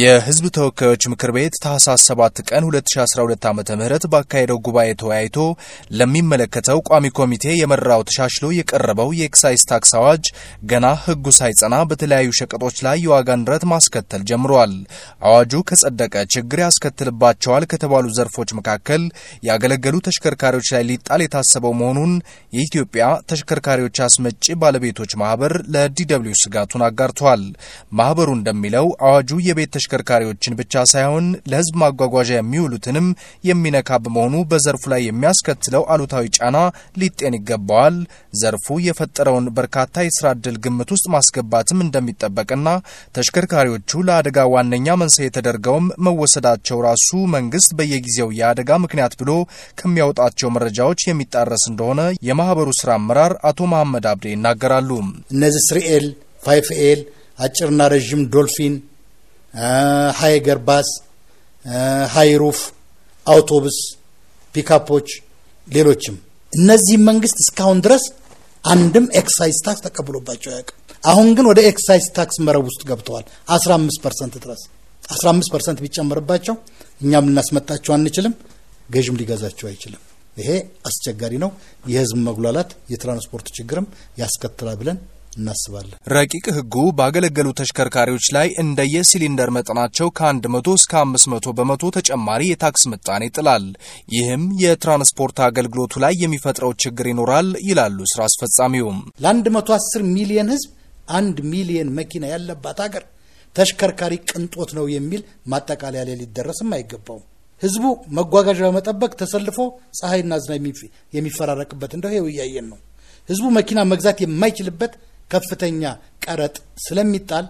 የህዝብ ተወካዮች ምክር ቤት ታህሳስ 7 ቀን 2012 ዓ ም ባካሄደው ጉባኤ ተወያይቶ ለሚመለከተው ቋሚ ኮሚቴ የመራው ተሻሽሎ የቀረበው የኤክሳይዝ ታክስ አዋጅ ገና ህጉ ሳይጸና በተለያዩ ሸቀጦች ላይ የዋጋ ንረት ማስከተል ጀምሯል። አዋጁ ከጸደቀ ችግር ያስከትልባቸዋል ከተባሉ ዘርፎች መካከል ያገለገሉ ተሽከርካሪዎች ላይ ሊጣል የታሰበው መሆኑን የኢትዮጵያ ተሽከርካሪዎች አስመጪ ባለቤቶች ማህበር ለዲ ስጋቱን አጋርቷል። ማህበሩ እንደሚለው አዋጁ የቤት ተሽከርካሪዎችን ብቻ ሳይሆን ለህዝብ ማጓጓዣ የሚውሉትንም የሚነካ በመሆኑ በዘርፉ ላይ የሚያስከትለው አሉታዊ ጫና ሊጤን ይገባዋል። ዘርፉ የፈጠረውን በርካታ የስራ እድል ግምት ውስጥ ማስገባትም እንደሚጠበቅና ተሽከርካሪዎቹ ለአደጋ ዋነኛ መንስኤ ተደርገውም መወሰዳቸው ራሱ መንግስት በየጊዜው የአደጋ ምክንያት ብሎ ከሚያወጣቸው መረጃዎች የሚጣረስ እንደሆነ የማህበሩ ስራ አመራር አቶ መሐመድ አብዴ ይናገራሉ። እነዚህ ስሪኤል፣ ፋይፍኤል፣ አጭርና ረዥም ዶልፊን ሀይገር ባስ፣ ሩፍ አውቶቡስ፣ ፒካፖች፣ ሌሎችም እነዚህም መንግስት እስካሁን ድረስ አንድም ኤክሳይዝ ታክስ ተቀብሎባቸው አያውቅም። አሁን ግን ወደ ኤክሳይዝ ታክስ መረብ ውስጥ ገብተዋል። 15 ፐርሰንት ድረስ 15 ፐርሰንት ቢጨምርባቸው እኛም ልናስመጣቸው አንችልም፣ ገዥም ሊገዛቸው አይችልም። ይሄ አስቸጋሪ ነው። የህዝብ መጉላላት የትራንስፖርት ችግርም ያስከትላል ብለን እናስባለን። ረቂቅ ህጉ ባገለገሉ ተሽከርካሪዎች ላይ የሲሊንደር መጠናቸው ከ100 እስከ 500 በመቶ ተጨማሪ የታክስ ምጣኔ ይጥላል። ይህም የትራንስፖርት አገልግሎቱ ላይ የሚፈጥረው ችግር ይኖራል ይላሉ ስራ አስፈጻሚውም። ለ110 ሚሊየን ህዝብ አንድ ሚሊየን መኪና ያለባት ሀገር ተሽከርካሪ ቅንጦት ነው የሚል ማጠቃለያ ላይ ሊደረስም አይገባውም። ህዝቡ መጓጓዣ በመጠበቅ ተሰልፎ ፀሐይና ዝና የሚፈራረቅበት እንደው ይኸው እያየን ነው። ህዝቡ መኪና መግዛት የማይችልበት ከፍተኛ ቀረጥ ስለሚጣል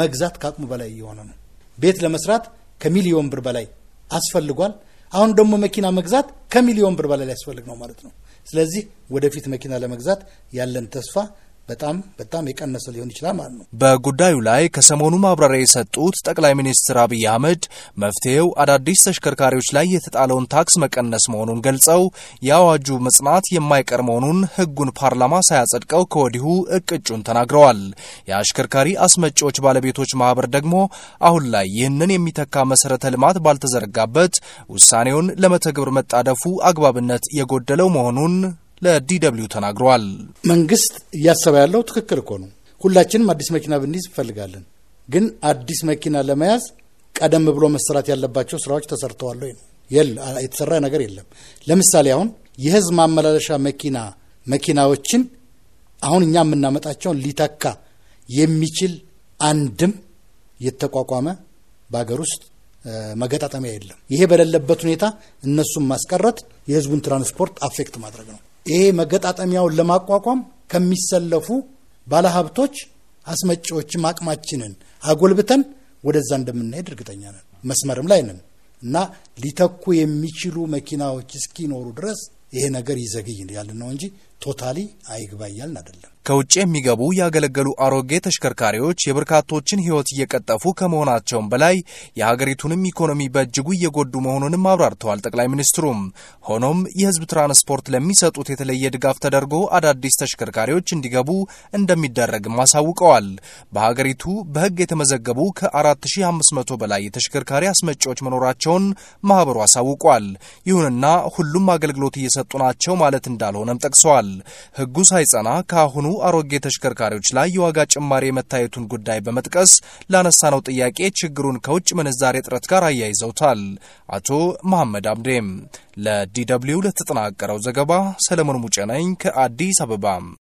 መግዛት ከአቅሙ በላይ እየሆነ ነው። ቤት ለመስራት ከሚሊዮን ብር በላይ አስፈልጓል። አሁን ደግሞ መኪና መግዛት ከሚሊዮን ብር በላይ ሊያስፈልግ ነው ማለት ነው። ስለዚህ ወደፊት መኪና ለመግዛት ያለን ተስፋ በጣም በጣም የቀነሰ ሊሆን ይችላል ማለት ነው። በጉዳዩ ላይ ከሰሞኑ ማብራሪያ የሰጡት ጠቅላይ ሚኒስትር አብይ አህመድ መፍትሄው አዳዲስ ተሽከርካሪዎች ላይ የተጣለውን ታክስ መቀነስ መሆኑን ገልጸው የአዋጁ መጽናት የማይቀር መሆኑን ህጉን ፓርላማ ሳያጸድቀው ከወዲሁ እቅጩን ተናግረዋል። የአሽከርካሪ አስመጪዎች ባለቤቶች ማህበር ደግሞ አሁን ላይ ይህንን የሚተካ መሰረተ ልማት ባልተዘረጋበት ውሳኔውን ለመተግበር መጣደፉ አግባብነት የጎደለው መሆኑን ለዲደብሊው ተናግረዋል። መንግስት እያሰበ ያለው ትክክል እኮ ነው። ሁላችንም አዲስ መኪና ብንይዝ እንፈልጋለን። ግን አዲስ መኪና ለመያዝ ቀደም ብሎ መሰራት ያለባቸው ስራዎች ተሰርተዋል ወይ? የተሰራ ነገር የለም። ለምሳሌ አሁን የህዝብ ማመላለሻ መኪና መኪናዎችን አሁን እኛ የምናመጣቸውን ሊተካ የሚችል አንድም የተቋቋመ በሀገር ውስጥ መገጣጠሚያ የለም። ይሄ በሌለበት ሁኔታ እነሱን ማስቀረት የህዝቡን ትራንስፖርት አፌክት ማድረግ ነው። ይሄ መገጣጠሚያውን ለማቋቋም ከሚሰለፉ ባለሀብቶች አስመጪዎችም አቅማችንን አጎልብተን ወደዛ እንደምናሄድ እርግጠኛ ነን። መስመርም ላይ ነን እና ሊተኩ የሚችሉ መኪናዎች እስኪኖሩ ድረስ ይሄ ነገር ይዘግይ ያለ ነው እንጂ ቶታሊ አይግባ እያልን አይደለም። ከውጭ የሚገቡ ያገለገሉ አሮጌ ተሽከርካሪዎች የበርካቶችን ሕይወት እየቀጠፉ ከመሆናቸውም በላይ የሀገሪቱንም ኢኮኖሚ በእጅጉ እየጎዱ መሆኑንም አብራርተዋል ጠቅላይ ሚኒስትሩም። ሆኖም የሕዝብ ትራንስፖርት ለሚሰጡት የተለየ ድጋፍ ተደርጎ አዳዲስ ተሽከርካሪዎች እንዲገቡ እንደሚደረግም አሳውቀዋል። በሀገሪቱ በሕግ የተመዘገቡ ከ4500 በላይ የተሽከርካሪ አስመጪዎች መኖራቸውን ማህበሩ አሳውቋል። ይሁንና ሁሉም አገልግሎት እየሰጡ ናቸው ማለት እንዳልሆነም ጠቅሰዋል። ገልጸዋል። ህጉ ሳይጸና ከአሁኑ አሮጌ ተሽከርካሪዎች ላይ የዋጋ ጭማሪ የመታየቱን ጉዳይ በመጥቀስ ላነሳነው ጥያቄ ችግሩን ከውጭ ምንዛሬ እጥረት ጋር አያይዘውታል። አቶ መሐመድ አምዴም ለዲ ደብልዩ ለተጠናቀረው ዘገባ ሰለሞን ሙጬ ነኝ ከአዲስ አበባ